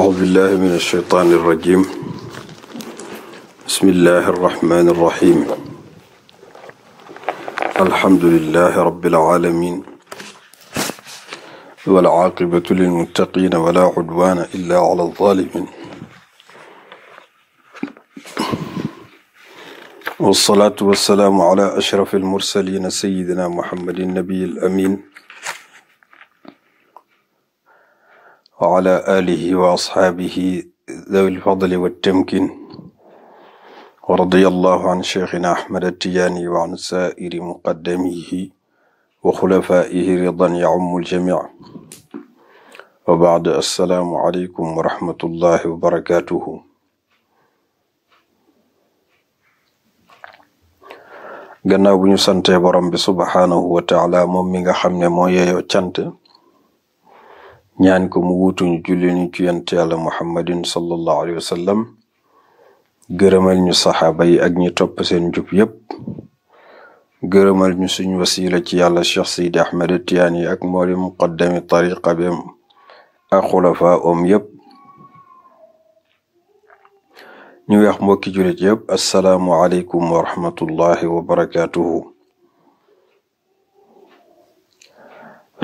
أعوذ بالله من الشيطان الرجيم بسم الله الرحمن الرحيم الحمد لله رب العالمين والعاقبة للمتقين ولا عدوان إلا على الظالمين والصلاة والسلام على أشرف المرسلين سيدنا محمد النبي الأمين wa ala aalihi wa asxaabihi zawil fadli wattamkin wa radiya allahu an cheikhina ahmad attijaani wa an saa'iri muqaddamihi wa xulafaa'ihi ridan ya'ummu al-jamii' wa ba'd assalaamu aleykum wa rahmatullahi wa barakaatuhu gannaaw bu ñu santee borom bi subhaanahu wa taala moom mi nga xam ne moo yeeyoo cant ñaan ko mu wuutuñu julli ñu ci yant yàlla muhammadin sallallahu alayhi wa sallam gërëmal ñu saxaaba ak ñi topp seen jub yépp gërëmal ñu suñ wasiila ci yàlla cheikh seydi ahmed tiyaan yi ak mooli muqaddami tariqa bi ak xulafa om yépp ñu wax mbokki jullit yépp asalaamu aleykum wa rahmatullahi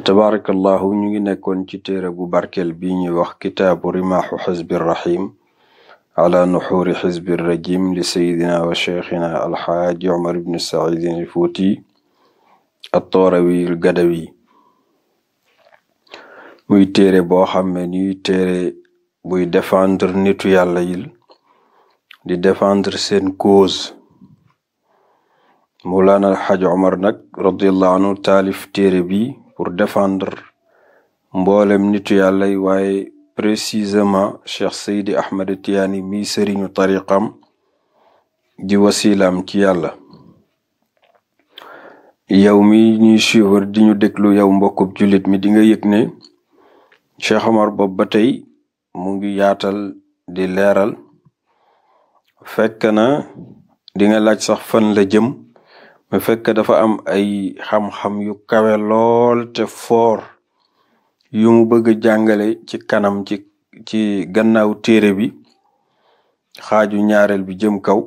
tabaarakallahu ñu ngi nekkoon ci téere bu barkeel bi ñuy wax kitaabu rimaaxu xisbi rahim ala nuxuuri xisbi rajim li sayidina wa cheikhina alxaaji omar ibni saidin il fuuti attoorawi il gadawi muy téere boo xam ne ñuy téere buy défendre nitu yàlla yil di défendre seen cause mulaana alxaaji omar nag radiallahu anhu taalif téere bi pour defendre mboolem nitu yàlla yi waaye précisément cheikh seydi ahmed tiyaani mi sëriñu tariqam di wasilaam ci yàlla yow mi ñuy suivre di ñu déglu yow mbokkub julit mi di nga yëg cheikh omar bopp ba tey mu ngi yaatal di leeral fekk na di nga laaj sax fan la jëm mu fekk dafa am ay xam-xam yu kawe lool te foor yu mu bëgg jàngale ci kanam ci ci gannaaw téere bi xaaju ñaareel bi jëm kaw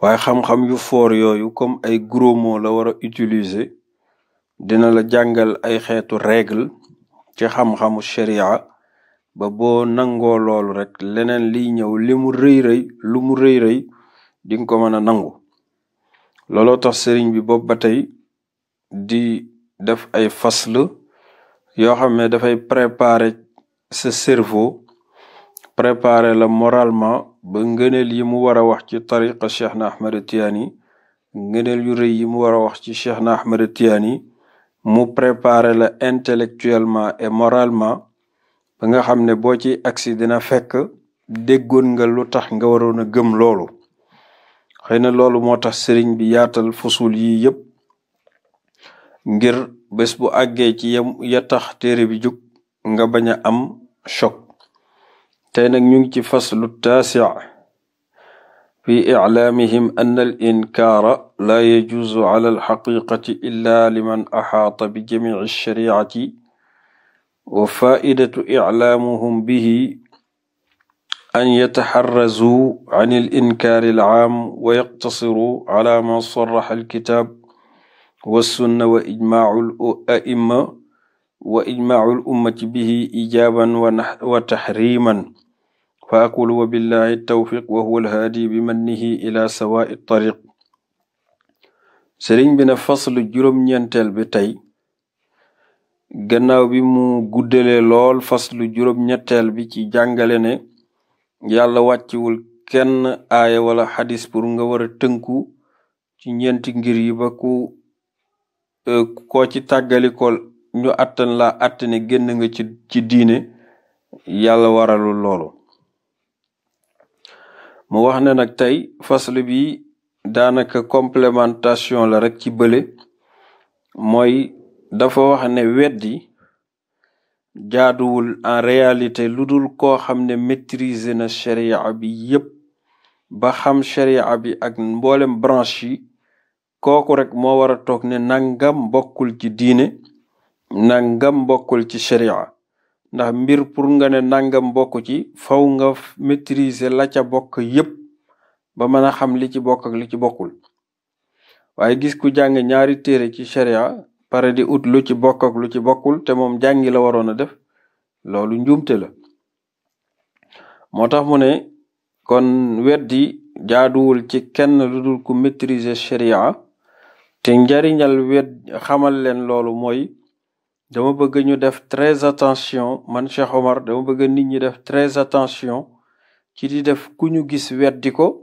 waaye xam-xam yu foor yooyu comme ay gros la war a utiliser dina la jàngal ay xeetu régle ci xam-xamu sharia ba boo nangoo loolu rek leneen liy ñëw li mu rëy rëy lu mu rëy rëy di nga ko mën a nangu looloo tax sëriñ bi boobu ba tey di def ay fasl yoo xam ne dafay préparer sa cerveau préparer la moralement ba ngëneel yi mu war a wax ci tariqa cheikh na ahmed tiyaani ngëneel yu rëy yi mu war a wax ci cheikh na ahmed tiyaani mu préparer la intellectuellement et moralement ba nga xam ne boo ci agsi dina fekk déggoon nga lu tax nga waroon a gëm loolu xëy na loolu moo tax sëriñ bi yaatal fusul yi yëpp ngir bés bu àggee ci yam ya tax téere bi jug nga bañ a am choc tey nag ñu ngi ci faslu taasi fi iclaamihim an al inkaara laa yajuusu ala alxaqiqati illa liman axaata bi jamici alshariati wa faidatu iclaamuhum bihi an yataxarrazuu an al inkaari al aam wa yaqtasiruu ala ma sarraxa al kitaab wa sunna wa ijmaacul aima wa ijmaacul ummati bihi ijaaban wa taxriiman fa aqulu wa billahi tawfiq wa huwa alhaadi bi mannihi ila sawaa'i tariq sëriñ bi na faslu juróom-ñeenteel bi tey gannaaw bi mu guddalee lool faslu juróom-ñetteel bi ci jàngale ne yàlla wàccewul kenn aaya walla xadis pour nga war a tënku ci ñeenti ngir yi ba ku e, koo ci tàggalikool ñu àttan laa àttane génn nga ci ci diine yàlla waralu loolu mu wax ne nag tey faslu bi daanaka complémentation la rek ci bële mooy dafa wax ne weddi jaaduwul en réalité lu dul koo xam ne maîtriser na sharia bi yépp ba xam sharia bi ak mboolem branche yi kooku rek moo war a toog ne nangam bokkul ci diine nangam bokkul ci sharia ndax mbir pour nga ne nangam bokk ci faw nga maîtriser la ca bokk yépp ba mën xam li ci bokk li ci bokkul gis ku jàng ñaari ci sharia pare di ut lu ci bokk lu ci bokkul te moom jàngi la waroon a def loolu njuumte la moo tax mu ne kon weddi jaaduwul ci kenn lu dul ku maîtriser sharia te njariñal wet xamal leen loolu mooy dama bëgg ñu def très attention man Cheikh Omar dama bëgg nit ñi def très attention ci di def ku ñu gis weddi ko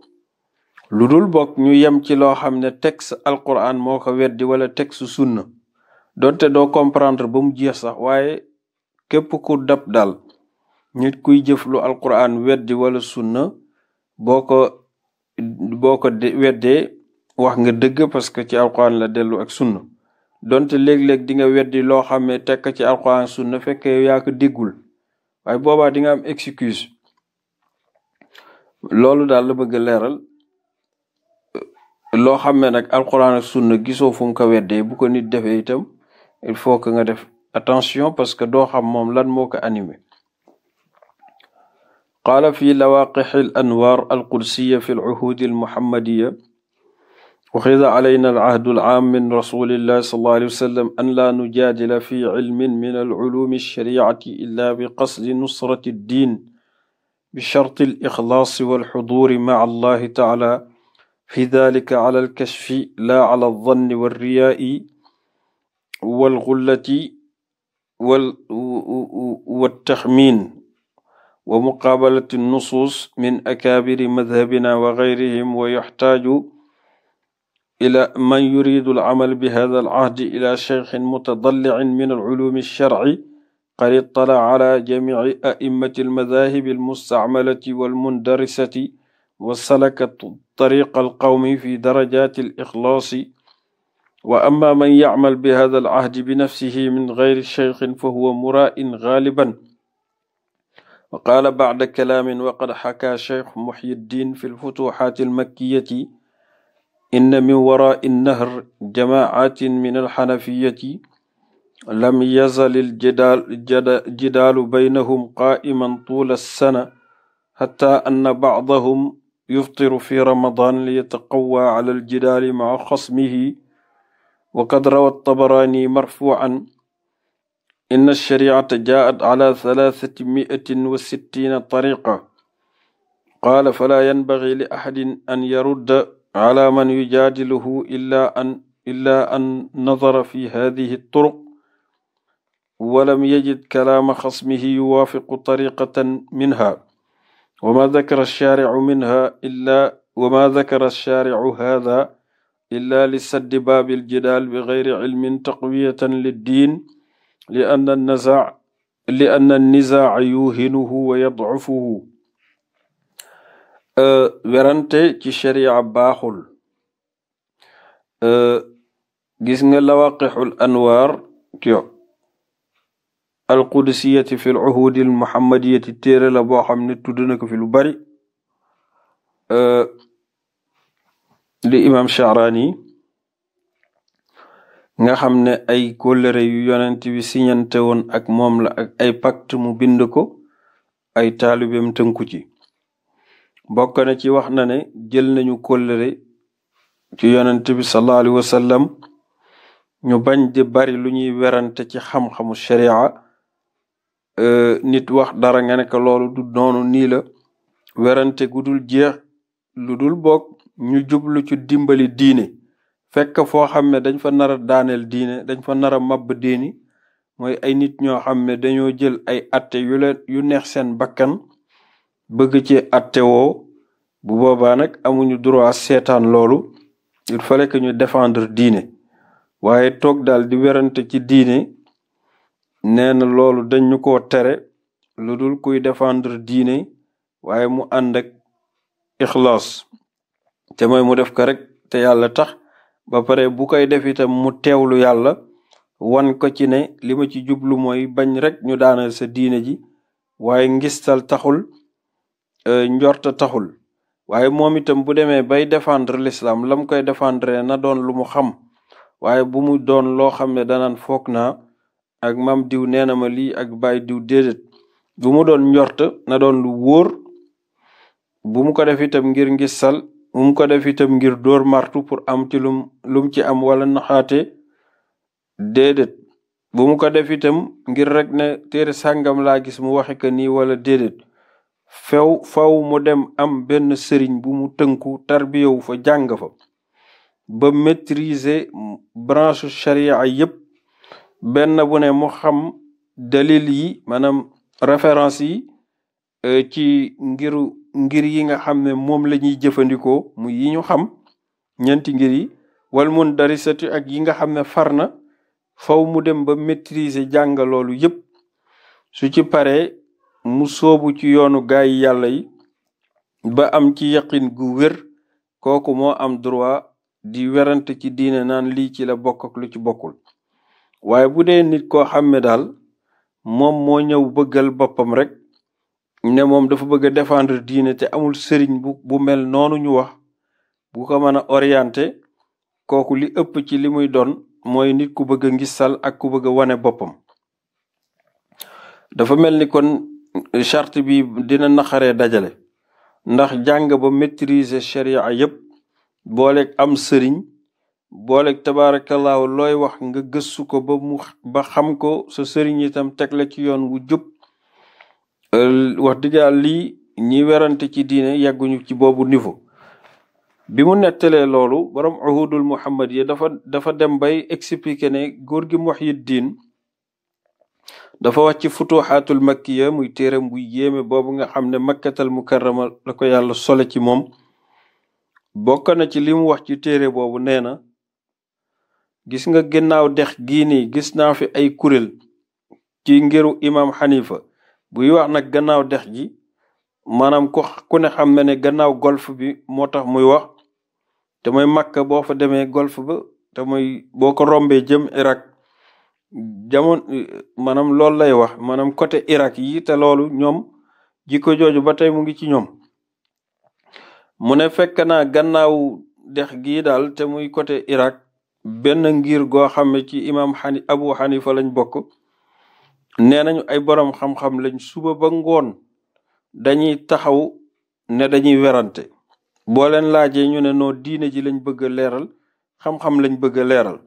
lu dul bokk ñu yem ci loo xam ne texte alquran moo ko weddi wala texte sunna donte doo comprendre ba mu jeex sax waaye képp ku dab daal nit kuy jëf lu alquran weddi wala sunna boo ko boo ko weddee wax nga dëgg parce que ci alquran la dellu ak sunna donte léeg-léeg di nga weddi loo xam ne tekk ci alquran sunna fekk yaa ko déggul waaye boobaa di nga am excuse loolu daal la bëgg leeral loo xam ne nag alquran ak sunna gisoo fu mu ko weddee bu ko nit defee itam il faut que nga def attention parce que doo xam moom lan moo ko animé qaala fi lawaqixi al anwaar alqudsiya fi lcuhuudi almuhammadiya uxida alayna alcahdu alcaam min rasulillah sallallahu alayhi wa sallam an laa nujaadila fi cilmin min alculuumi alshariicati illa bi qasdi nusrati ddin بشرط الإخلاص والحضور مع الله تعالى في ذلك على الكشف لا على الظن والرياء wal xullati wal wa taxmin wa muqaabalati nusuus min akaabiri madhabina wa gayrihim wa yaxtaaju ila man yuridu alamal bi hada alahdi ila cheikhin mutadallicin min alculuumi alsharci qad ittala ala jamici a'immati almadahibi almustacmalati walmundarisati wa salaka tariqa alqawmi fi darajati alixlaasi wa amma man yacmal bi hada al ahdi bi nafsihi min gayri cheikhin fa huwa mura'in gaaliban wa qaala bacda kalaamin wa qad xakaa cheikh muhyiddin fi lfutuxaati almakkiyati inna min waraai nahr jamaacatin min alxanafiyati lam yazal aljidaalu baynahum qaa'iman tuula alsana xataa anna bacdahum yuftiru fi ramadan liyataqawwa ala aljidaali maca xasmihi وقد روى الطبراني مرفوعا إن الشريعة جاءت على ثلاثمائة وستين طريقة قال فلا ينبغي لأحد أن يرد على من يجادله إلا أن إلا أن نظر في هذه الطرق ولم يجد كلام خصمه يوافق طريقة منها وما ذكر الشارع منها إلا وما ذكر الشارع هذا illaa li saddi baabil jidaal bi geyri cilmin taqwiyatan liddiin li anna annazaa li anna nizaa yuhinuhu wa yadcufuhu werante ci sharia baaxul gis nga lawaqixul anwaar ci alqudusiyati fi luhudi almuhammadiyati téere la boo xam ne tudd na ko fi lu bari li imam Sha'rani nga xam ne ay kóllëre yu yonent bi woon ak moom la ak ay pacte mu bind ko ay taalibeem tënku ci bokk na ci wax na ne jël nañu kóllëre ci yonent bi sallallahu alayhi ñu bañ di bari lu ñuy werante ci xam-xamu sharia nit wax dara nga ne ko loolu du noonu nii la werante jeex lu dul bokk ñu jublu ci dimbali diine fekk foo xam ne dañ fa nara a daaneel diine dañ fa nara màbb mabb diini mooy ay nit ñoo xam ne dañoo jël ay atte yu leen neex seen bakkan bëgg ci atte woo bu boobaa nag amuñu droit seetaan loolu il fallait que ñu defendre diine waaye toog daal di werante ci diine nee loolu dañu ko tere lu dul kuy defendre diine waaye mu ànd ak te mooy mu def ko rek te yàlla tax ba pare bu koy def itam mu teewlu yàlla wan ko ci ne li ma ci jublu mooy bañ rek ñu daanal sa diine ji waaye ngistal taxul euh, njorta taxul waaye moom itam bu demee bay défendre l'islam lam koy defendre na doon lu mu xam waaye bu mu doon loo xam ne danaan foog na ak maam diw nee na ma lii ak bay diw déedéet bu mu doon njort na doon lu wóor bu mu def itam ngir ngistal mu ko def itam ngir dóor martu pour am ci lum lum ci am wala naxaate déedéet bu mu ko def itam ngir rek ne téere sangam laa gis mu waxe ko nii wala déedéet few faw mu dem am benn sëriñ bu mu tënku tarbiyawu fa jàng fa ba maîtriser branche charia yépp benn bu ne mu xam dalil yi maanaam référence yi euh, ci ngiru ngir yi nga xam ne moom lañuy jëfandikoo mu yi ñu xam ñeenti ngir yi wal mun darisatu ak yi nga xam ne far na faw mu dem ba maîtriser jàng loolu yépp su ci paree mu soobu ci yoonu gaay yi yàlla yi ba am ci yaqin gu wër kooku moo am droit di werante ci diine naan lii ci la bokk lu ci bokkul waaye bu dee nit koo xam daal moom moo ñëw bëggal boppam rek ne moom dafa bëgg a défendre diine te amul sëriñ bu bu mel noonu ñu wax bu ko mën a orienté kooku li ëpp ci li muy doon mooy nit ku bëgg a ngissal ak ku bëgg wane boppam dafa mel ni kon charte bi dina naxaree dajale ndax jàng ba maîtriser sharia yépp booleeg am sëriñ booleeg tabaarakallaahu looy wax nga gëstu ko ba xam ko sa sëriñ itam teg la ci yoon wu jub Euh, wax dëgg yàlla lii ñi werante ci diine yàgguñu ci boobu niveau bi mu nettalee loolu borom uhudul muhammad yi dafa dafa dem bay expliquer ne góor gi mu wax diin dafa wax ci futuxaatul makkiya muy téere bu yéeme boobu nga xam ne makkatal mukarrama la ko yàlla sole ci moom bokk na ci li mu wax ci téere boobu nee na gis nga ginnaaw dex gii gis naa fi ay kuréel ci ngiru imam xanifa buy wax nag gannaaw dex gi maanaam ku ku ne xam na ne gannaaw golf bi moo tax muy wax te mooy Makka boo fa demee golf ba te mooy boo ko rombee jëm Irak jamon maanaam loolu lay wax maanaam côté Irak yi te loolu ñoom jikko jooju ba tey mu ngi ci ñoom mu ne fekk naa gannaaw dex gi daal te muy côté Irak benn ngir goo xam ne ci imam xani abu xanifa lañ bokk nee nañu ay borom xam-xam lañ suba ba ngoon dañuy taxaw ne dañuy werante boo leen laajee ñu ne noo diine ji lañ bëgg leeral xam-xam lañ bëgg a leeral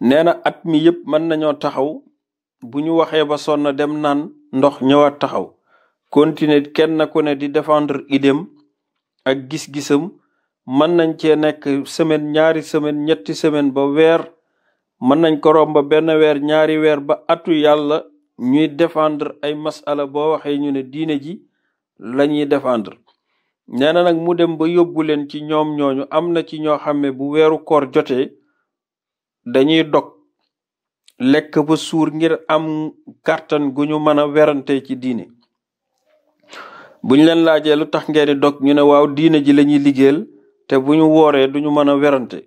nee na at mi yëpp mën nañoo taxaw bu ñu waxee ba sonn dem naan ndox ñëwaat taxaw continuer kenn ku ne di defendre idéem ak gis-gisam mën nañ cee nekk semaine ñaari semaine ñetti semaine ba weer mën nañ ko romb benn weer ñaari weer ba atu yàlla ñuy defendre ay masala boo waxee ñu ne diine ji la ñuy défendre nee na nag mu dem ba yóbbu leen ci ñoom ñooñu am na ci ñoo xam ne bu weeru koor jotee dañuy dog lekk ba suur ngir am kàttan gu ñu mën a werante ci diine buñ leen laajee lu tax ngeen di dog ñu ne waaw diine ji la ñuy liggéeyal te bu ñu wooree duñu mën a werante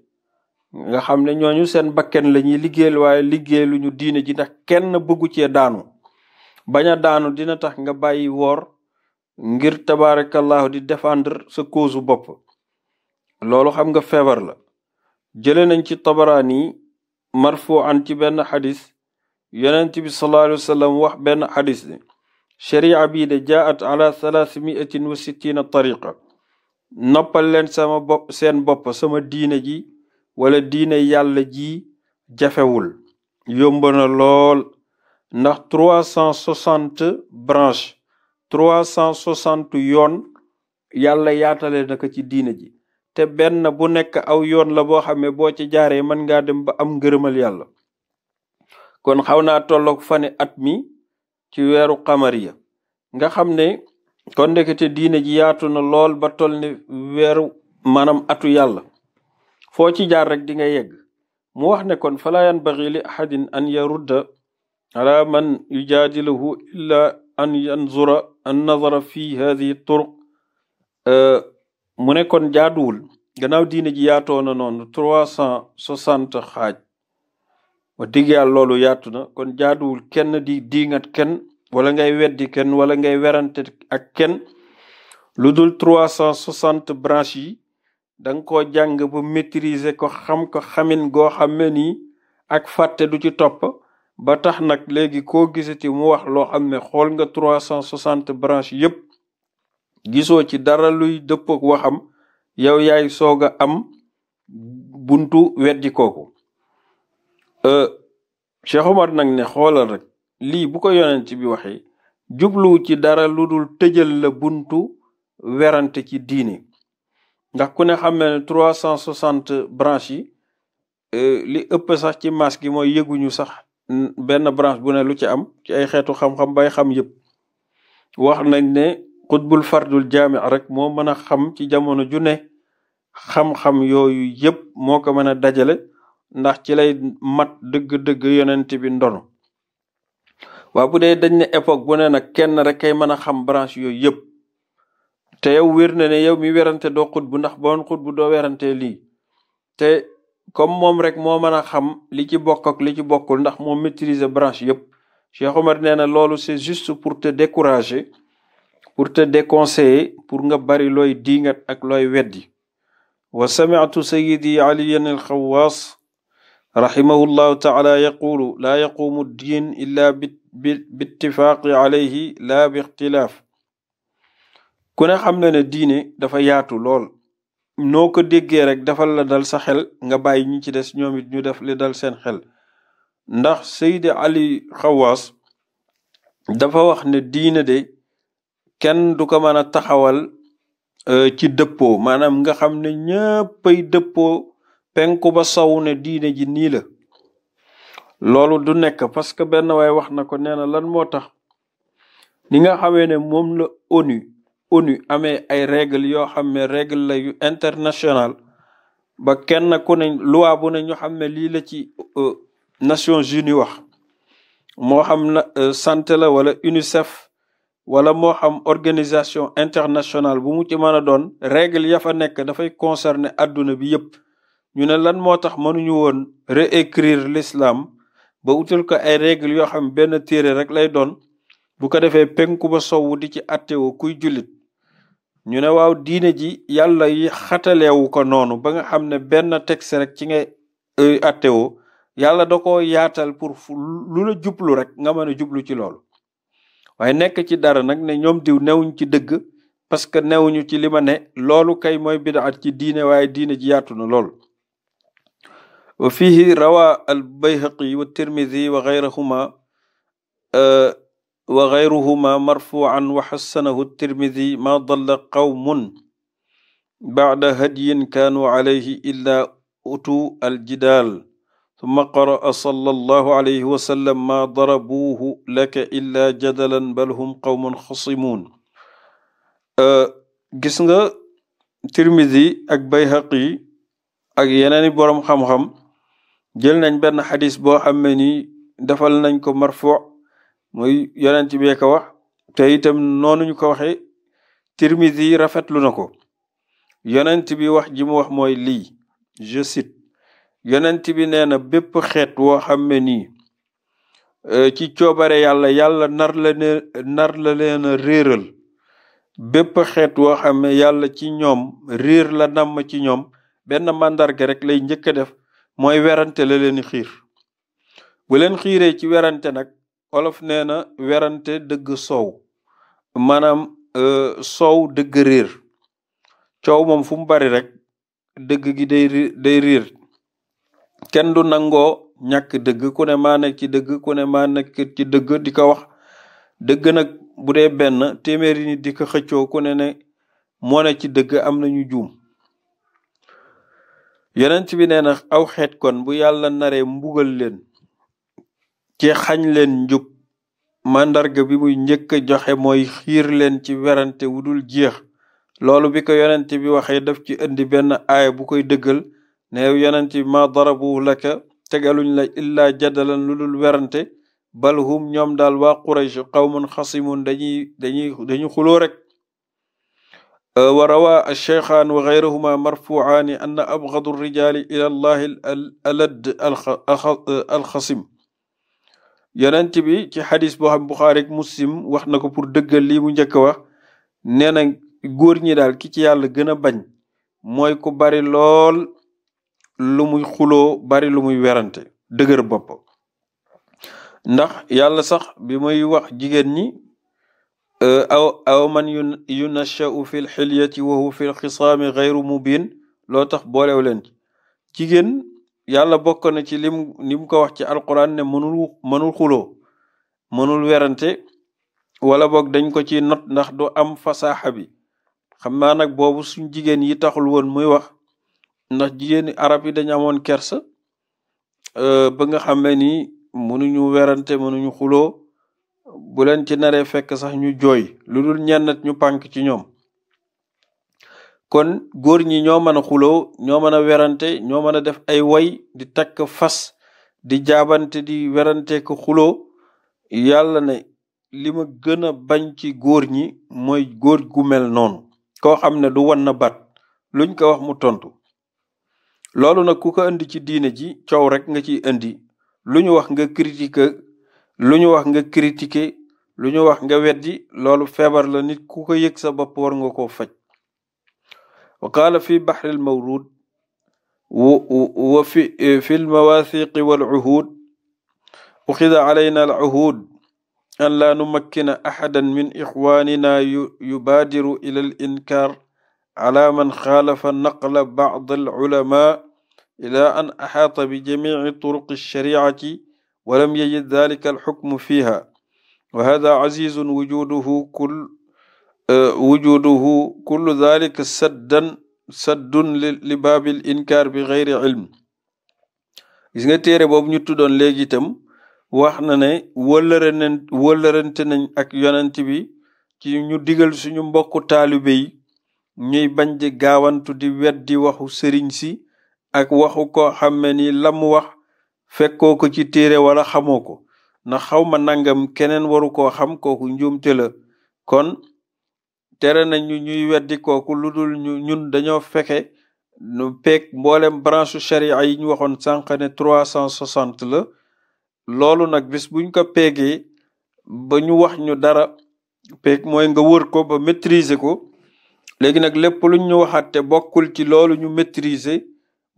nga xam ne ñooñu seen bakken la ñuy liggéeyal waaye liggéeyalu ñu diine ji ndax kenn bëggu cee daanu bañ a daanu dina tax nga bàyyi woor ngir tabaarakallahu di défendre sa cause bopp loolu xam nga feebar la jële nañ ci yi marfu an ci benn xadis yonent bi sallallahu alayhi wax benn xadis ne sharia bii de jaat ala salaasi miatin wa sittina tariqa noppal leen sama bopp sama diine ji wala diine yàlla ji jafewul yomb na lool ndax trois cent soixante branche trois cent soixante yoon yàlla yaatale na ko ci diine ji te benn bu nekk aw yoon la boo xam ne boo ci jaaree mën ngaa dem ba am ngërëmal yàlla kon xaw naa tollook fane at mi ci weeru xamariya nga xam ne kon ndekete diine ji yaatu na lool ba toll ni weeru maanaam atu yàlla foo ci jaar rek di ngay yegg mu wax ne kon fala yanbagi li ahadin an yarudda ala man yujaadiluhu illa an yanzura an nazara fi hadihi turuq mu ne kon jaaduwul gannaaw diine ji yaatoo na noonu trois cent soixante xaaj wa digg yàlla loolu yaatu na kon jaaduwul kenn di diingat kenn wala ngay weddi kenn wala ngay werante ak kenn lu dul trois cent soixante branches yi danga ko jàng ba maîtriser ko xam ko xamin goo xam ne nii ak fàtte du ci topp ba tax nag léegi ko koo gisati mu wax loo xam ne xool nga trois cent soixante branche yépp gisoo ci dara luy dëppook waxam yow yaay soog a am buntu weddi kooku euh, Cheikh nag ne xoolal rek lii bu ko yonen ci bi waxee jubluwu ci dara lu dul tëjal la buntu werante ci diine ndax ku ne xam ne ne trois cent soixante branches yi euh, li ëpp sax ci maas gi mooy yëguñu sax benn branche bu ne lu ci am ci ay xeetu xam-xam bay xam yëpp wax nañ ne xutbul fardul jaami rek moo mën a xam ci jamono ju ne xam-xam yooyu yëpp moo ko mën a dajale ndax ci lay mat dëgg-dëgg yonent bi ndono waa bu dee dañ ne époque bu ne nag kenn rek kay mën a xam branche yooyu yëpp te yow wér na ne yow mi werante doo xutbu ndax boon xutbu doo werante lii te comme moom rek moo mën a xam li ci bokk ak li ci bokkul ndax moom maîtriser branche yëpp Cheikh Omar nee na loolu c'est juste pour te décourager pour te déconseiller pour nga bari looy diingat ak looy weddi wa sami'tu sayyidi aliyan alxawaas rahimahullahu taala yaqulu laa yaqumu diin illa bi bittifaaqi la bi ixtilaaf ku ne xam na ne diine dafa yaatu lool noo ko déggee rek defal la dal sa xel nga bàyyi ñu ci des ñoom it ñu def li dal seen xel ndax seyde Ali Xawaas dafa wax ne diine de kenn du ko mën a taxawal euh, ci dëppoo maanaam nga xam ne ñëppay dëppoo penku ba saw ne diine ji nii la loolu du nekk parce que benn waay wax na ko nee na lan moo tax ni nga xamee ne moom la ONU ONU amee ay règle yoo xam ne règle la yu international ba kenn ku ne loi bu ne ñu xam ne lii la ci euh, Nations Unies wax moo xam na euh, santé la wala UNICEF wala moo xam organisation internationale bu mu ci mën a doon règle ya fa nekk dafay concerner àdduna bi yëpp ñu ne lan moo tax mënuñu woon réécrire l'islam ba utal ko ay règle yoo xam benn téere rek lay doon bu ko defee penku ba sowwu di ci attewo kuy jullit ñu ne waaw diine ji yàlla yi xataleewu ko noonu ba nga xam ne benn texte rek ci ngay euh, attewoo yàlla da ko yaatal pour lu la jublu rek nga mën a jublu ci lool waaye nekk ci dara nag ne ñoom diw newuñ ci dëgg parce que newuñu ci li ma ne loolu kay mooy bidaat ci diine waaye diine ji yaatu na lool wa fihi rawa al bayhaqi wa tirmidi wa gayrahuma euh, wa gayruhuma marfuan wa xassanahu tirmidi ma dalla qawmun bacda hadyin kaanuu calayhi illa utu aljidaal summa qaraa salla allahu alayhi wa sallam ma darabuuhu laka illa jadalan bal hum qawmun xasimuun gis nga tirmidi ak bayhaqi ak yeneeni boroom xam-xam jël nañ benn xadis boo xam ne ni defal nañ ko marfu muy yonent bee ko wax te itam noonu ñu ko waxee tirmidi rafetlu na ko yonent bi wax ji mu wax mooy lii je cite yonent bi nee na bépp xeet woo xam ne euh, ci coobare yàlla yàlla nar la ne nar la leen a bépp xeet woo xam ne yàlla ci ñoom réer la namm ci ñoom benn màndarga rek lay njëkk a def mooy werante la leen xiir bu leen xiiree ci werante nag olof nee na werante dëgg soow maanaam euh, soow dëgg réer coow moom fu mu bari rek dëgg gi day day riir kenn du nangoo ñàkk dëgg ku ne maa nekk ci dëgg ku ne maa ci dëgg di ko wax dëgg nag bu dee benn téeméeri nit di ko xëccoo ku ne ne ci dëgg am nañu juum yonent bi nee na aw xeet kon bu yàlla naree mbugal leen ci xañ leen njub màndarga bi muy njëkk a joxe mooy xiir leen ci werante wu dul jeex loolu bi ko yonent bi waxee def ci indi benn aaya bu koy dëggal neew yonent bi ma darabu laka tegaluñ la illaa jadalan lu werante bal hum ñoom daal waa quraysh qawmun xasimun dañuy dañuy dañu xuloo rek wa rawaa alcheykhaan wa geyrahumaa marfuaani anna abgadu rijaali ila allahi alad alxasim yonent bi ci xadis boo xam Buxaari ak Muslim wax na ko pour dëggal lii mu njëkk wax nee na góor ñi daal ki ci yàlla gën a bañ mooy ku bari lool lu muy xuloo bari lu muy werante dëgër bopp ndax yàlla sax bi muy wax jigéen ñi euh, aw aw man yunashau fi lxilyati wa huwa fi lxisaami gayru mubin loo tax boolew leen jigéen yàlla bokk na ci lim lim ko wax ci alquran ne mënul mënul xuloo mënul werante wala boog dañ ko ci not ndax du am fasaaxa bi xam naa nag boobu suñ jigéen yi taxul woon muy wax ndax jigéeni arab yi dañ amoon kersa euh, ba nga xam ne mënuñu werante mënuñu xuloo bu leen ci naree fekk sax ñu joy lu dul ñennat ñu pànk ci ñoom kon góor ñi ñoo mën a xuloo ñoo mën a werante ñoo mën a def ay woy di takk fas di jaabante di werante ko xuloo yàlla ne li ma gën a bañ ci góor ñi mooy góor gu mel noonu koo xam ne du wan na baat luñ ko wax mu tontu loolu nag ku indi ci diine ji cow rek nga ci indi lu ñu wax nga critique lu ñu wax nga critiquer lu ñu wax nga weddi loolu feebar la nit ku yeg sa bopp war nga koo faj wa qaala fi baxri lmawruud wa fi fi lmawaathiqi walcuhuud uxida calayna alcuhuud an laa numakkina axadan min ixwaanina yubaadiru ila alinkaar calaa man xaalafa naqla bacd alculamaa ila an axaata bijamiici turuqi alsharicati walam yajid dalika alxukmu fiiha wa hada casiizun wujuduhu kul wujuduhu kullu dalika saddan saddun li baabil inkaar bi xeyri ilm gis nga téere boobu ñu tuddoon léegi wax na ne wëllëre nañ ak yonent bi ci ñu digal suñu mbokku taalibe yi ñuy bañ di gaawantu di weddi waxu sëriñ si ak waxu ko xam ne ni la wax fekkoo ko ci téere wala xamoo ko na xaw ma nangam keneen waru ko xam kooku njuumte la kon tere ñu ñuy weddi kooku lu dul ñu ñun dañoo fexe nu peeg mboolem branche sharia yi ñu waxoon sànq ne trois cent soixante la loolu nag bis buñ ko peegee ba ñu wax ñu dara peeg mooy nga wër ko ba maîtriser ko léegi nag lépp luñ ñu waxaat te bokkul ci loolu ñu maîtriser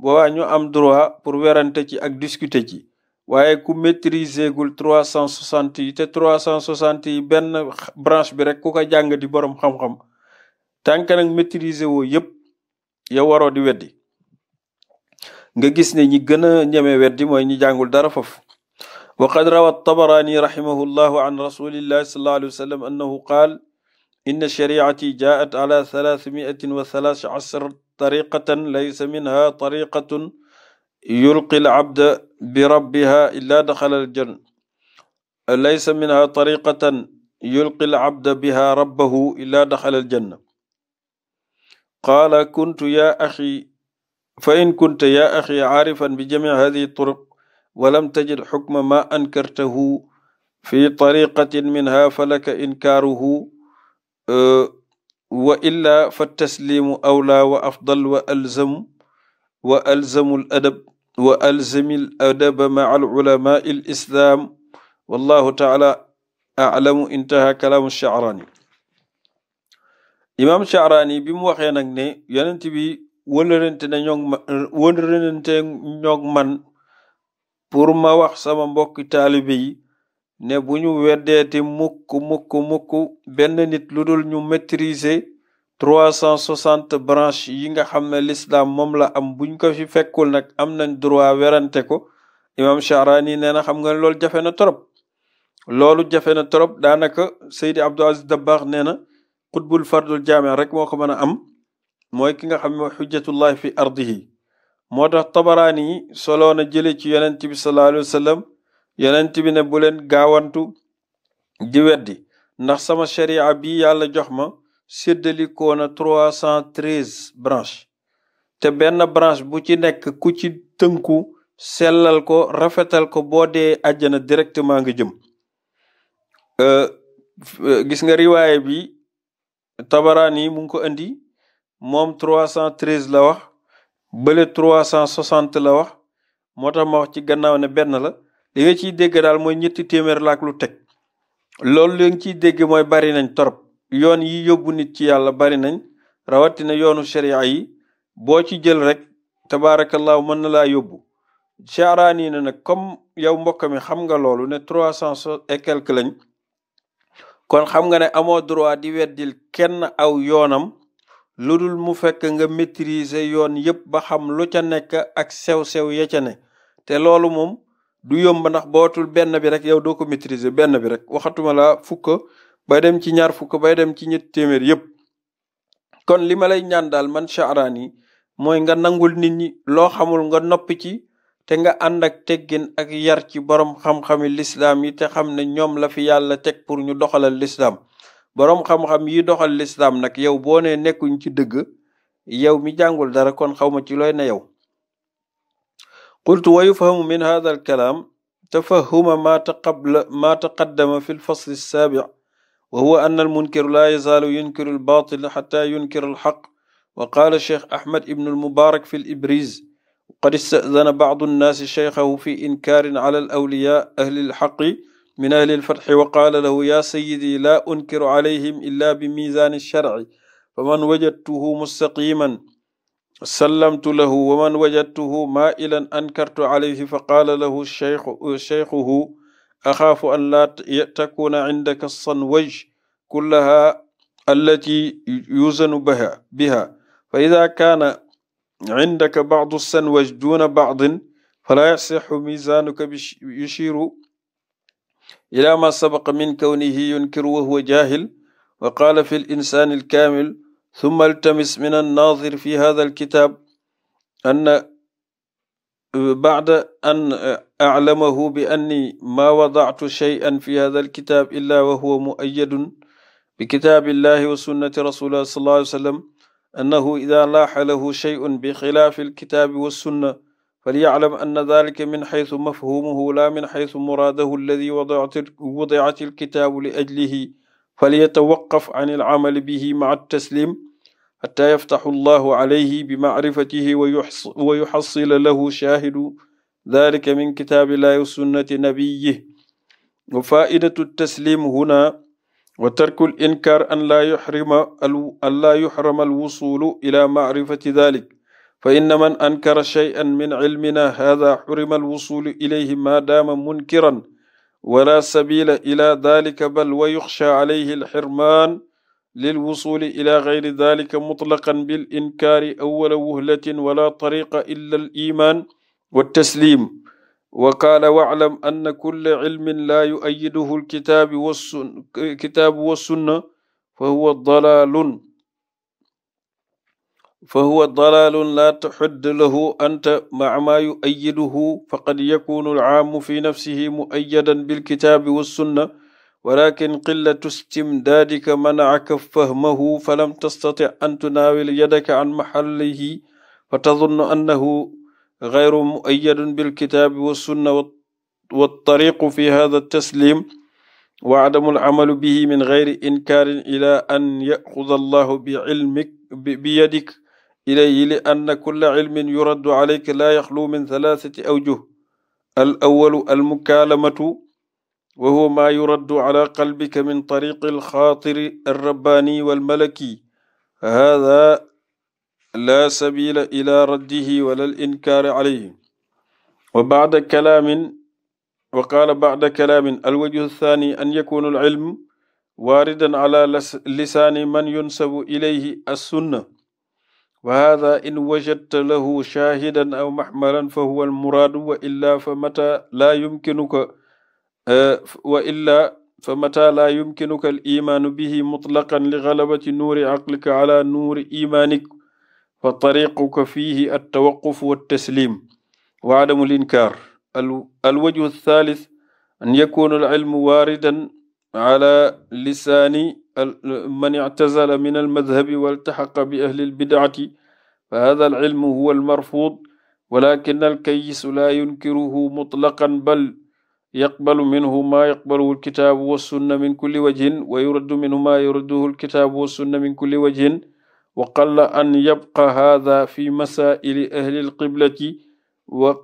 boobaa ñu am droit pour werante ci ak discuter ci waaye ku maîtriser gul trois cent soixante yi te trois cent soixante yi benn branche bi rek ku ko jàng di borom xam-xam tànk nag maîtriser woo yëpp yow waroo di weddi nga gis ne ñi gën a ñeme weddi mooy ñi jàngul dara foofu wa qad rawa tabaraani rahimahullahu an rasulillahi sallallahu alayhi wa sallam annahu qaal inna shariati jaat ala thalathmiatin wa thalath ashar tariqatan laysa minha tariqatun yulqi labda bi rabbiha illa daxala aljanna laysa minha tariqatan yulqi labda biha rabbahu illa daxala aljanna qaala kuntu ya axi fa in kunta ya axi aarifan bi jamici hadihi turuq walam tajid xukma ma ankartahu fi tariqatin minha falaka inkaaruhu eh, wa illa fa tasliimu awlaa wa afdal wa alzamu wa alzamu al adab wa alzami al adaba maa al ulama islam wallahu taala alamu intaha kalaamu Sha'rani imaam Sha'rani bi mu waxee nag ne yonent bi wëlërante na ñoog ma man pour ma wax sama mbokki taalibe ne bu ñu weddeeti mukk mukk mukk benn nit lu dul ñu maîtriser trois cent soixante branche yi nga xam ne l'islam moom la am buñ ko fi fekkul nag am nañ droit weerante ko imam Charani nee na xam nga loolu jafe na trop loolu jafe na trop daanaka Seydi Abdou Aziz Dabbaax nee na xutbul fardul jaame rek moo ko mën a am mooy ki nga xam ne xujjatullahi fi ardihi moo tax tabaraani yi soloo na jële ci yonent bi sallallahu alayhi wa sallam yonent bi ne bu leen gaawantu di weddi ndax sama sharia bi yàlla jox ma séddalikoo na trois cent treize branche te benn branche bu ci nekk ku ci tënku sellal ko rafetal ko boo dee àjjana directement ngi jëm euh, euh, gis nga riwaay bi tabaraani mu ngi ko indi moom trois cent treize la wax bale trois cent soixante la wax moo tax ma wax ci gannaaw ne benn la li nga ciy dégg daal mooy ñetti téeméer laak lu teg loolu li nga ciy dégg mooy bari nañ torop yoon yi yóbbu nit ci yàlla bari nañ rawatina yoonu sharia yi boo ci jël rek tabaarakallaahu mën na laa yóbbu chaaraani na nag comme yow mbokk mi xam nga loolu ne trois cent et quelque lañ kon xam nga ne amoo droit di weddil kenn aw yoonam lu dul mu fekk nga maîtriser yoon yëpp ba xam lu ca nekk ak sew-sew ya ca ne te loolu moom du yomb ndax bootul benn bi rek yow doo ko maîtriser benn bi rek waxatuma la fukk bay dem ci ñaar fukk bay dem ci ñetti téeméer yépp kon li ma lay ñaan daal man charan yi mooy nga nangul nit ñi loo xamul nga noppi ci te nga ànd ak teggin ak yar ci boroom xam-xami lislaam yi te xam ne ñoom la fi yàlla teg pour ñu doxalal lislaam boroom xam-xam yi doxal lislaam nag yow boo nee nekkuñ ci dëgg yow mi jàngul dara kon xawma ci looy na yow qultu wa yufhamu min hadha al kalaam tafahuma ma taqabla ma taqaddama fi lfasli saabi wa huwa anna almunkiru laa yazaalu yunkiru albaatil xatta yunkira alxaq wa qaala cheikh ahmad ibnu almubaarak fi libriz qad istadana bacdu nnaasi cheikhahu fi inkaarin ala alawliyaa ahli alxaqi min ahli alfatxi wa qaala lahu yaa sayidi laa unkiru calayhim illa bi miisaani sharci faman wajadtuhu mustaqiman sallamtu lahu waman wajadtuhu maa'ilan ankartu calayhi fa qaala lahu cheikhuhu axaafu an laa takuuna indaka sanwaj kullaha allati yuzanu biha biha fa ida kaana indaka bacdu sanwaj duna bacdin falaa yasixu misanuka bi yushiru ila ma sabaqa min kawnihi yunkiru wa huwa jahil wa qaala fi linsani alkaamil ثم التمس من الناظر في هذا الكتاب أن بعد أن aclamahu bi anni maa wadactu shay'an fi hada alkitab illa wa huwa muayyadun bi kitaabillahi wa sunnati rasulillah sallallahu alayhi wa sallam annahu ida laaxa lahu shay'un bi xilaafi alkitaabi wassunna falyaclam anna dalika min xaysu mafhumuhu la min xaysu muraadahu alladi wudicat alkitaabu li ajlihi falyatawaqaf an alcamali bihi maca altaslim xata yaftaxu allahu alayhi bi macrifatihi wa yuxasila lahu shaahidu dalika min kitaabillahi wa sunnati nabiyihi wa faidatu taslim huna wa tarkul inkaar an laa yuxrima an laa yuxrama alwusulu ila macrifati dalik fa inna man ankara shay'an min cilmina hada xurima alwusulu ilayhi maa daama munkiran wala sabila ila dalika bal wa yuxsha calayhi alxirmaan lilwusuli ila gayri dalika mutlaqan bilinkaari awwala wuhlatin wala tariqa illa aliman wa taslim wa qaala waclam anna kulla cilmin laa yuayiduhu alkitaabu wassun kitaabu wassunna fa huwa dalaalun fa huwa dalaalun laa taxudda lahu anta maca maa yuayiduhu faqad yakunu alcaamu fi nafsihi muayadan bilkitaabi wassunna walakin qillatu istimdaadika manacaka fahmahu falam tastatic an tunaawil yadaka can maxallihi fatadunnu annahu غير مؤيد بالكتاب والسنة والطريق في هذا التسليم وعدم العمل به من غير إنكار إلى أن يأخذ الله بعلمك بيدك إليه لأن كل علم يرد عليك لا يخلو من ثلاثة أوجه الأول المكالمة وهو ما يرد على قلبك من طريق الخاطر الرباني والملكي هذا laa sabila ila raddihi wala al inkaari alayhi wa baada kalaamin wa qaala baada kalaamin alwajhu thaani an yakuna al ilm waaridan ala lisaani man yunsabu ilayhi assunna wa haada in wajadta lahu shaahidan aw maxmaran fa huwa almuraadu wa illaa fa mata laa yumkinuka eh, wa illaa fa mata laa yumkinuka al imaanu bihi mutlaqan li galabati nuuri aqlika ala nuuri imaanik fa tariquka fiihi altawaquf waltaslim wa adamu linkaar alwajhu althalith an yakuna alilmu waaridan ala lisaani man ictazala min almadhabi waltaxaqa bi ahli albidcati fa hada alilmu huwa almarfud walakin alkayisu laa yunkiruhu mutlaqan bal yaqbalu minhu maa yaqbaluhu alkitaabu wassunna min kulli wajhin wa yuraddu minhu maa yuradduhu alkitaabu wassunna min kulli wajhin wa qalla an yabqa hada fi masaili ahli alqiblati wa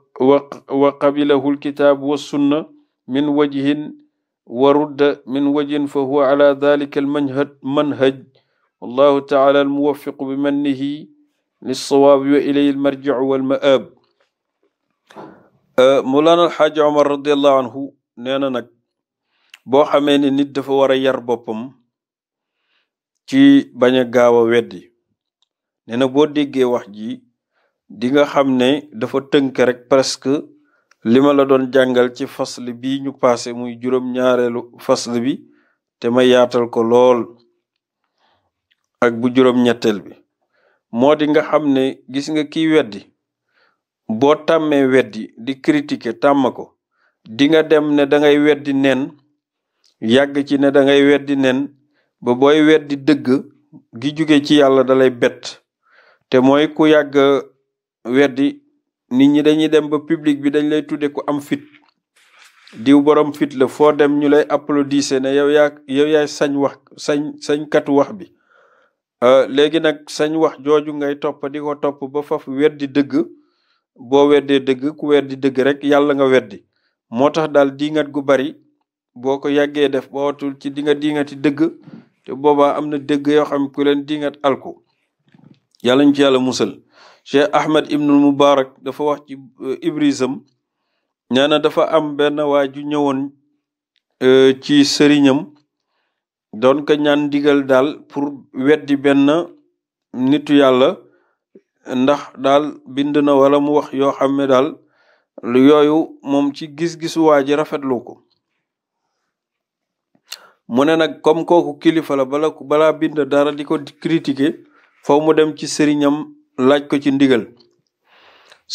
wa qabilahu alkitab wassunna min wajhin wa rudda min wajhin fa huwa ala dalika almanhaj manhaj wallahu taala almuwafiqu bimannihi lissawaabi wa ilayhi almarjiu walmaab euh, mulaana alxaaji omar radiallahu anhu nee na nag boo xamee ne nit dafa war a yar boppam ci bañ a gaaw a weddi nee na boo déggee wax ji di nga xam ne dafa tënk rek presque li ma la doon jàngal ci fasl bi ñu paase muy juróom-ñaareelu fasl bi te ma yaatal ko lool ak bu juróom-ñetteel bi moo di nga xam ne gis nga kiy weddi boo tàmmee weddi di critiquer tàmm ko di nga dem ne dangay weddi nen yàgg ci ne dangay weddi nen ba booy weddi dëgg gi jóge ci yàlla dalay bett te mooy ku yàgg weddi nit ñi dañuy dem ba public bi dañ lay tudde ku am fit diw borom fit la foo dem ñu lay applaudisé ne yow yaa yow yaay sañ wax sañ sañ katu wax bi euh, léegi nag sañ wax jooju ngay toppa di ko topp ba faf weddi dëgg boo weddee dëgg ku weddi dëgg rek yàlla nga weddi moo tax daal diingat gu bari boo ko yàggee def ba watul ci dinga nga diingati dëgg te boobaa am na dëgg yoo xam ku leen dingat alku yàlla ñu ci yàlla musal Cheikh Ahmed Ibnul Mubarak dafa wax ci euh, ibrisam nee dafa am benn waa ju ñëwoon euh, ci sëriñam doon ko ñaan digal daal pour weddi benn nitu yàlla ndax daal bind na wala mu wax yoo xam ne daal yooyu moom ci gis-gisu waa ji rafetlu ko mu ne nag comme kilifa la bala balaa bind dara di ko faw mu dem ci sëriñam laaj ko ci ndigal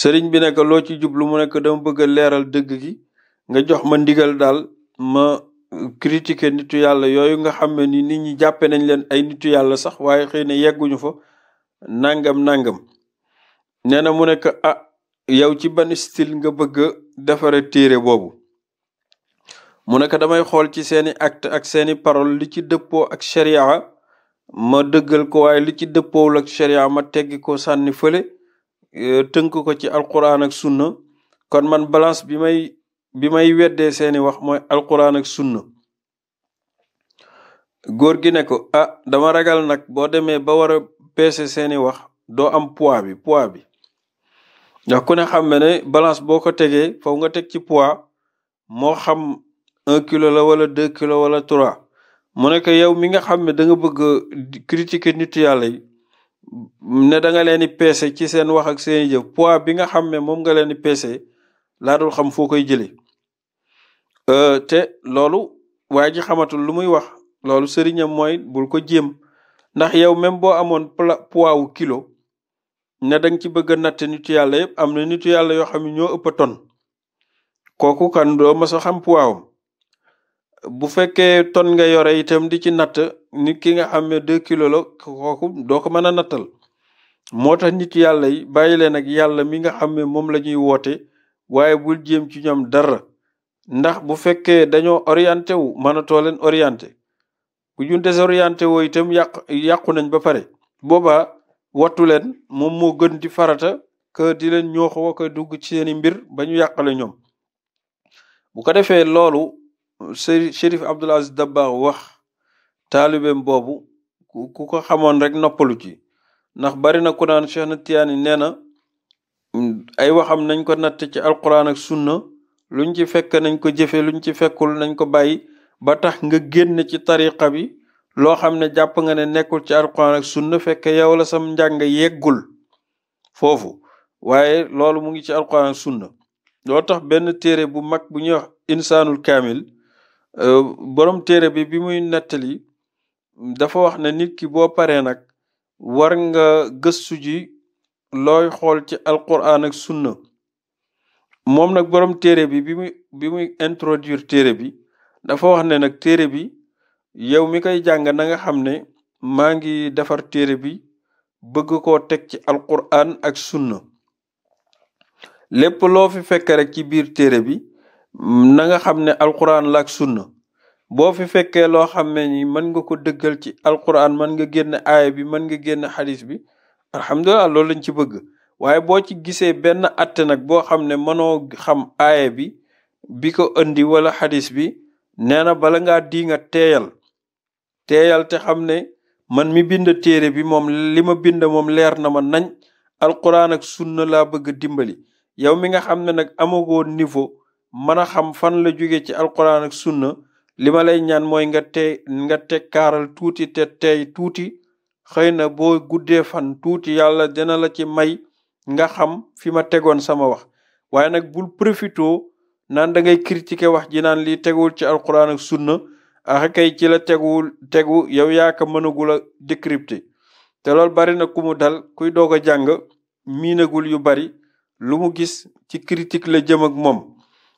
sëriñ bi ne loo ci jublu mu nekk ko dama bëgg a leeral dëgg gi nga jox ma ndigal daal ma critiquer nitu yàlla yooyu nga xam ne ni nit ñi jàppe nañ leen ay nitu yàlla sax waaye xëy na yegguñu fa nangam nangam nee na mu nekk ah yow ci ban style nga bëgg a defare téere boobu mu nekk damay xool ci seeni acte ak seeni parole li ci dëppoo ak sharia ma dëggal ko waaye li ci dëppoowul ak ma teggi ko sànni fële e, tënk ko ci alquran ak sunna kon man balance bi may bi may weddee seeni wax mooy alquran ak sunna góor gi ne ko ah dama ragal nag boo demee ba war a peese seeni wax doo am poids bi poids bi ndax ku ne xam ne ne balance boo ko tegee faw nga teg ci poids moo xam un kilo la wala deux kilo wala trois mu ne yow mi nga xam ne danga nga bëgg critiquer nit yàlla yi ne da leen di peese ci seen wax ak seen jëf poids bi nga xam ne moom nga leen di peese laa xam foo koy jëlee euh, te loolu waa ji xamatul lu muy wax loolu sëriñam mooy bul ko jéem ndax yow même boo amoon poids wu kilo ne da ci bëgg a natte nitu yàlla yëpp am na nitu yàlla yoo xam ne ñoo ëpp ton kooku kan doo mas xam poids am bu fekkee ton nga yore itam di ci natt nit ki nga xam de deux kilos la kooku doo ko mën a nattal moo tax nit yàlla yi bàyyi leen ak yàlla mi nga xam moom la ñuy woote waaye bul jéem ci ñoom dara ndax bu fekkee dañoo orienté wu mënatoo leen orienté bu ñu désorienté woo itam yàq yàqu nañ ba pare boobaa wattu leen moom moo gën di farata que di leen ñooxoo ko dugg ci seeni mbir ba ñu yàqale ñoom bu ko defee loolu Chérif Abdoul Aziz Dabakh wax taalibeem boobu ku ko xamoon rek noppalu ci ndax bari na ku naan Cheikh na Tiyaani nee na ay waxam nañ ko natt ci alquran ak sunna luñ ci fekk nañ ko jëfee luñ ci fekkul nañ ko bàyyi ba tax nga génn ci tariqa bi loo xam ne jàpp nga ne nekkul ci alquran ak sunna fekk yow la sam njàng yeggul foofu waaye loolu mu ngi ci alquran ak sunna loo tax benn téere bu mag bu ñuy wax insaanul kaamil Euh, borom téere bi bi muy nettali dafa wax ne nit ki boo paree nag war nga gëstu ji looy xool ci alquran ak sunna moom nag boroom téere bi bi muy bi introduire téere bi dafa wax ne nag téere bi yow mi koy jàng nanga xam ne maa ngi defar téere bi bëgg koo teg ci alquran ak sunna lépp loo fi fekk rek ci biir téere bi na nga xam ne alquran la ak sunna boo fi fekkee loo xam ne ni mën nga ko dëggal ci alquran mën nga génn aaya bi mën nga génn xadis bi alhamdulilah loolu lañ ci bëgg waaye boo ci gisee benn atte nag boo xam ne mënoo xam aaya bi bi ko indi wala xadis bi nee na bala ngaa di nga teeyal teeyal te xam ne man mi bind téere bi moom li ma bind moom leer na ma nañ alquran ak sunna laa bëgg dimbali yow mi nga xam ne nag amagoo niveau mën a xam fan la jóge ci alquran ak sunna li ma lay ñaan mooy nga tey nga tekkaaral tuuti te tey tuuti xëy na boo guddee fan tuuti yàlla dina la ci may nga xam fi ma tegoon sama wax waaye nag bul profito naan da ngay critiquer wax ji naan lii teguwul ci alquran ak sunna axa ah, kay ci la teguwul tegu yow yaa ko mënagul a décrypter te loolu bari na ku mu dal kuy doog a jàng miinagul yu bari lu mu gis ci critique la jëm ak moom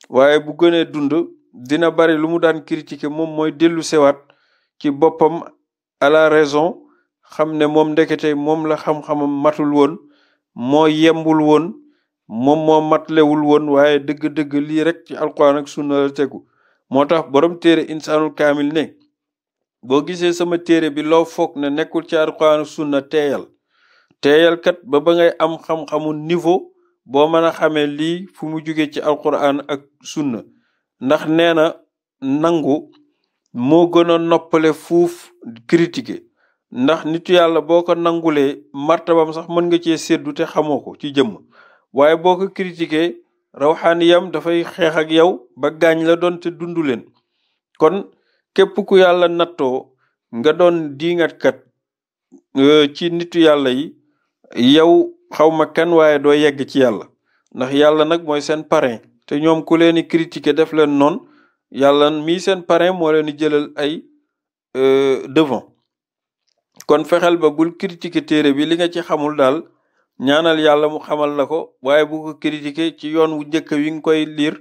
waaye bu gënee dund dina bari lu mu daan critiquer moom mooy dellu sewaat ci boppam à la raison xam ne moom ndekete moom la xam-xamam matul woon moo yembul woon moom moo matlewul woon waaye dëgg-dëgg lii rek ci alquran ak sunna la tegu moo tax borom téere insaanul kamil ne boo gisee sama téere bi loo foog ne nekkul ci alquran ak sunna teeyal teeyal kat ba ba ngay am xam-xamu niveau boo mën a xamee lii fu mu jóge ci alquran ak sunna ndax nee na nangu moo gën a noppale fuuf critiquer ndax nit yàlla boo ko nangulee martabam sax mën nga cee séddu te xamoo ko ci jëmm waaye boo ko critiquer yam dafay xeex ak yow ba gaañ la doon te dundu leen kon képp ku yàlla nattoo nga doon diingatkat euh, ci nitu yàlla yi yow xaw ma kan waaye doo yegg ci yàlla ndax yàlla nag mooy seen parrain te ñoom ku leen di critiquer def leen noonu yàlla mi seen parrain moo leen di jëlal ay euh, devant kon fexel ba bul critiquer téere bi li nga ci xamul daal ñaanal yàlla mu xamal la ko waaye bu ko ci yoon wu njëkk wi nga koy liir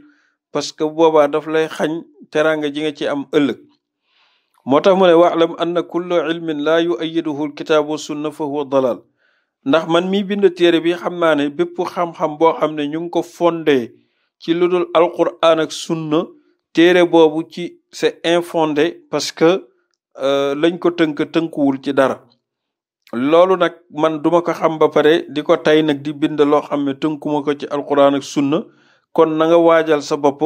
parce que boobaa daf lay xañ teraanga ji nga ci am ëllëg moo tax mu ne waalam anna kullu ilmin laa yuayiduhu alkitaabu wa sunna fa huwa dalal ndax man mi bind téere bi xam naa ne bépp xam-xam boo xam ne ñu ngi ko fondé ci lu dul alquran ak sunna téere boobu ci c'est infondé parce que euh, lañ ko tënk tënkuwul ci dara loolu nag man duma ko xam ba pare di ko tey nag di bind loo xam ne tënkuma ko ci alquran ak sunna kon na nga waajal sa bopp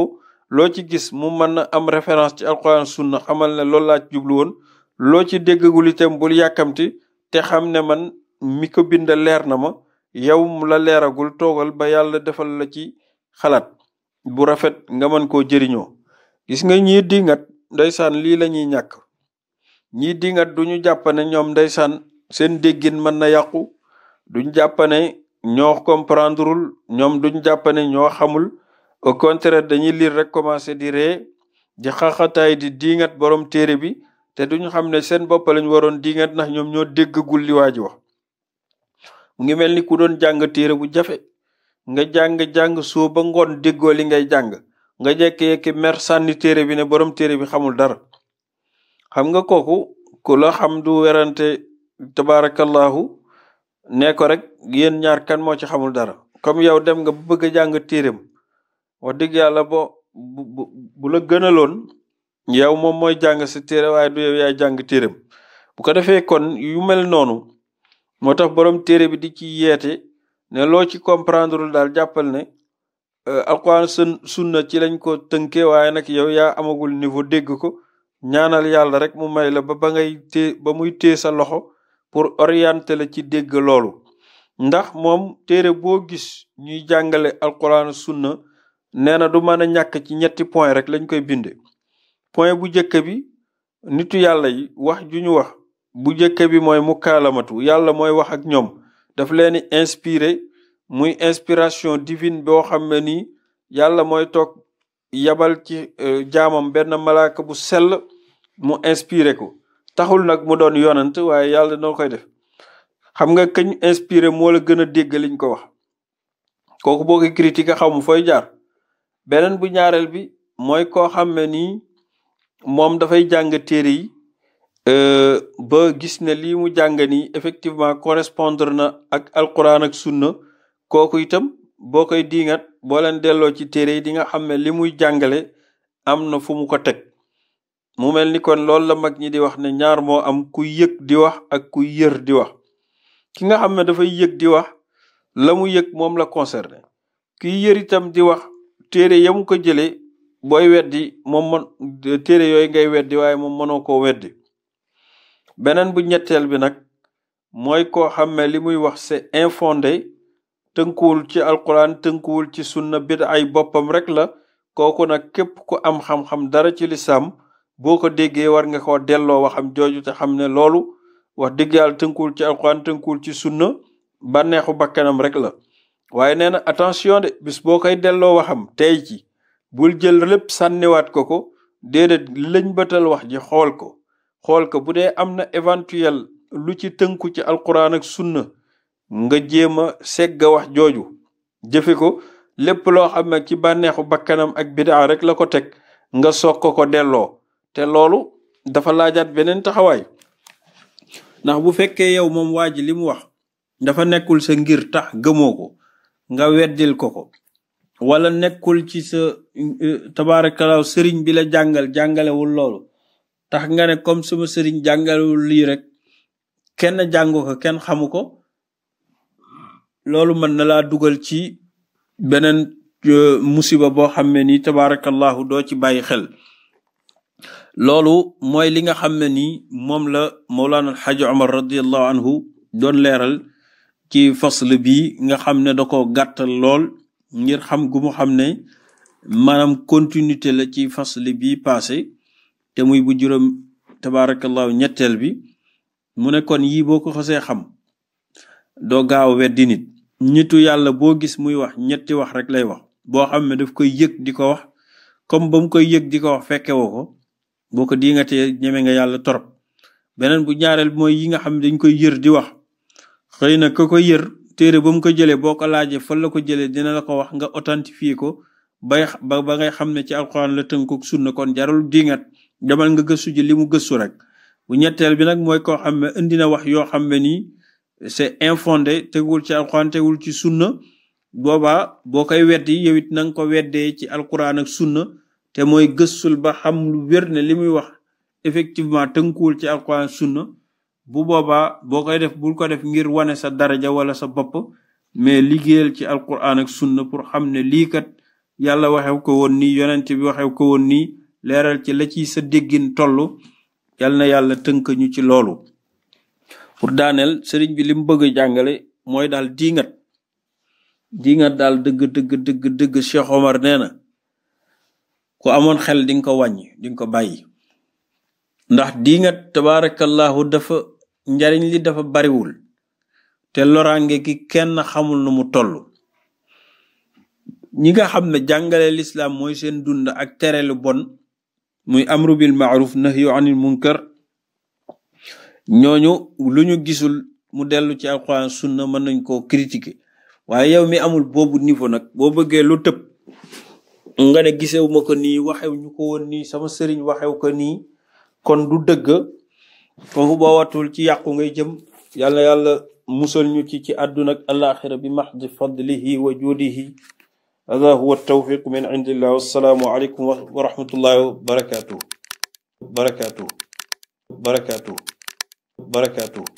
loo ci gis mu mën na am référence ci alquran sunna xamal ne loolu laa ci woon loo ci déggagul itam bul yàkkamti te xam ne man mi ko bind leer na ma yow la leeragul toogal ba yàlla defal la ci xalaat bu rafet nga mën koo jëriñoo gis nga ñii dingat ndeysaan lii la ñuy ñàkk ñii dingat duñu jàpp ne ñoom ndeysaan seen déggin mën na yàqu duñ jàpp ne ñoo comprendreul ñoom duñ jàpp ne ñoo xamul au contraire dañuy lire rek commencé di ree di xaxataay di dingat borom téere bi te duñ xam ne seen bopp lañ waroon dingat ndax ñoom ñoo déggagul li waa ji wax mu ngi mel ni ku doon jàng téere bu jafe nga jàng-jàng soo ba ngoon déggoo li ngay jàng nga jekki-yekki mer sànni téere bi ne borom téere bi xamul dara xam nga kooku ku la xam du werante tabarakallahu nee ko rek yéen ñaar kan moo ci xamul dara comme yow dem nga bëgg a jàng téereem wax dëgg yàlla bo bula bu la gënaloon yow moom mooy jàng sa téere waaye du yow yaay jàng téereem bu ko defee kon yu mel noonu moo tax borom téere bi di ci yeete ne loo ci comprendreul daal jàppal ne euh, alquran sun suna ci lañ ko tënkee waaye nag yow yaa amagul niveau dégg ko ñaanal yàlla rek mu may la ba ba ngay té ba muy tée sa loxo pour orienter la ci dégg loolu ndax moom téere boo gis ñuy jàngale alquran sunna nee na du mën a ñàkk ci ñetti point rek lañ koy binde point bu njëkk bi nitu yàlla wax ju ñu wax bu njëkk bi mooy mu kaalamatu yàlla mooy wax ak ñoom daf leen inspirer muy inspiration divine boo xam ne nii yàlla mooy toog yabal ci euh, jaamam benn malaaka bu sell mu inspiré ko taxul nag mu doon yonant waaye yàlla noo koy def xam nga kañ inspiré moo la gën a dégg liñ ko wax kooku boo ko critique xaw mu foy jaar beneen bu ñaareel bi mooy koo xam ne nii moom dafay jàng téere yi Euh, ba gis ne lii mu jàng nii effectivement correspondre na ak alquran ak sunna kooku itam boo koy diingat boo leen delloo ci téere yi di xam ne li muy jàngale am na fu mu ko teg mu mel ni kon loolu la mag ñi di wax ne ñaar moo am kuy yëg di wax ak kuy yër di wax ki nga xam ne dafay yëg di wax la mu yëg moom la conserné kiy yër itam di wax téere ya ko jëlee booy weddi moom mën téere yooyu ngay weddi waaye moom mënoo koo weddi beneen bu ñetteel bi nag mooy koo xam ne li muy wax c'est infondé tënkuwul ci alquran tënkuwul ci sunna bid ay boppam rek la kooku nag képp ku am xam-xam dara ci lislaam boo ko déggee war nga ko delloo waxam jooju te xam ne loolu wax dëgg yàlla tënkuwul ci alquran tënkuwul ci sunna bànneexu bakkanam rek la waaye nee na attention de bis boo koy delloo waxam tey ci bul jël lépp sànniwaat ko ko déedéet lëñ wax ji xool ko xool ko bu dee am na éventuel lu ci tënku ci alquran ak sunna nga jéem a segga wax jooju jëfe ko lépp loo xam ne ci bànneexu bakkanam ak bidaa rek la ko teg nga soog ko ko delloo te loolu dafa laajaat beneen taxawaay ndax bu fekkee yow moom waa ji li mu wax dafa nekkul sa ngir tax gëmoo ko nga weddil ko ko wala nekkul ci sa eh, tabaarakalaaw sëriñ bi la jàngal jàngalewul loolu tax nga ne comme suma sëriñ jàngalul lii rek kenn jàngu ko kenn xamu ko loolu mën na laa dugal ci beneen euh, musiba boo xam ne nii tabaarakallahu doo ci bàyyi xel loolu mooy li nga xam ne nii moom la Mawlana Alxaaji Omar radiallahu anhu doon leeral ci fasl bii nga xam ne da ko gàttal lool ngir xam gu mu xam ne maanaam continuité la ci fasl bi passé te muy bu juróom tabaarakallahu ñetteel bi mu ne kon yii boo ko xosee xam doo gaaw weddi nit nitu yàlla boo gis muy wax ñetti wax rek lay wax boo xam ne daf koy yëg di ko wax comme ba mu koy yëg di ko wax fekke woo ko boo ko di nga nga yàlla trop beneen bu ñaareel mooy yi nga xam ne dañ koy yër di wax xëy na ka koy yër téere ba mu ko jëlee boo ko laajee fan la ko jëlee dina la ko wax nga authentifier ko bay ba ba ngay xam ne ci alxuraan la tënkook sunna kon jarul dingat demal nga gëstu ji li mu gëstu rek bu ñetteel bi nag mooy ko xam ne indi na wax yoo xam ne nii c'est infondé tegul ci alquran tegul ci sunna boobaa boo koy weddi yow it na ko weddee ci alquran ak sunna te mooy gëstul ba xam lu ne li muy wax effectivement tënkuwul ci alquran sunna bu boobaa boo koy def bul ko def ngir wane sa daraja wala sa bopp mais liggéeyal ci alquran ak sunna pour xam ne lii kat yàlla waxew ko woon nii yonent bi waxew ko woon nii leeral ci la ci sa déggin toll yal na yàlla tënk ci loolu pour daaneel sëriñ bi li mu bëgg jàngale mooy daal diingat diingat daal dëgg dëgg dëgg dëgg Cheikh Omar nee na ku amoon xel di nga ko wàññi di ko bàyyi ndax diingat tabaarakallahu dafa njariñ li dafa bariwul te loraange ki kenn xamul nu mu toll ñi nga xam ne jàngale lislaam mooy seen dund ak tere bon muy amru bil maaruf nahyu anil munkar ñooñu lu ñu gisul mu dellu ci alxuraan sunna mën nañ koo critiquer waaye yow mi amul boobu niveau nag boo bëggee lu tëb nga ne gisewu ma ko nii waxew ñu ko woon nii sama sëriñ waxew ko nii kon du dëgg foofu boo watul ci yàqu ngay jëm yàlla yàlla musal ñu ci ci àdduna ak alaaxira bi maxdi fadlihi wa juudihi hada huwa tawfiq min indillah wassalaamu aleykum wa rahmatullahi wa barakatuh barakatuh barakatuh barakatuh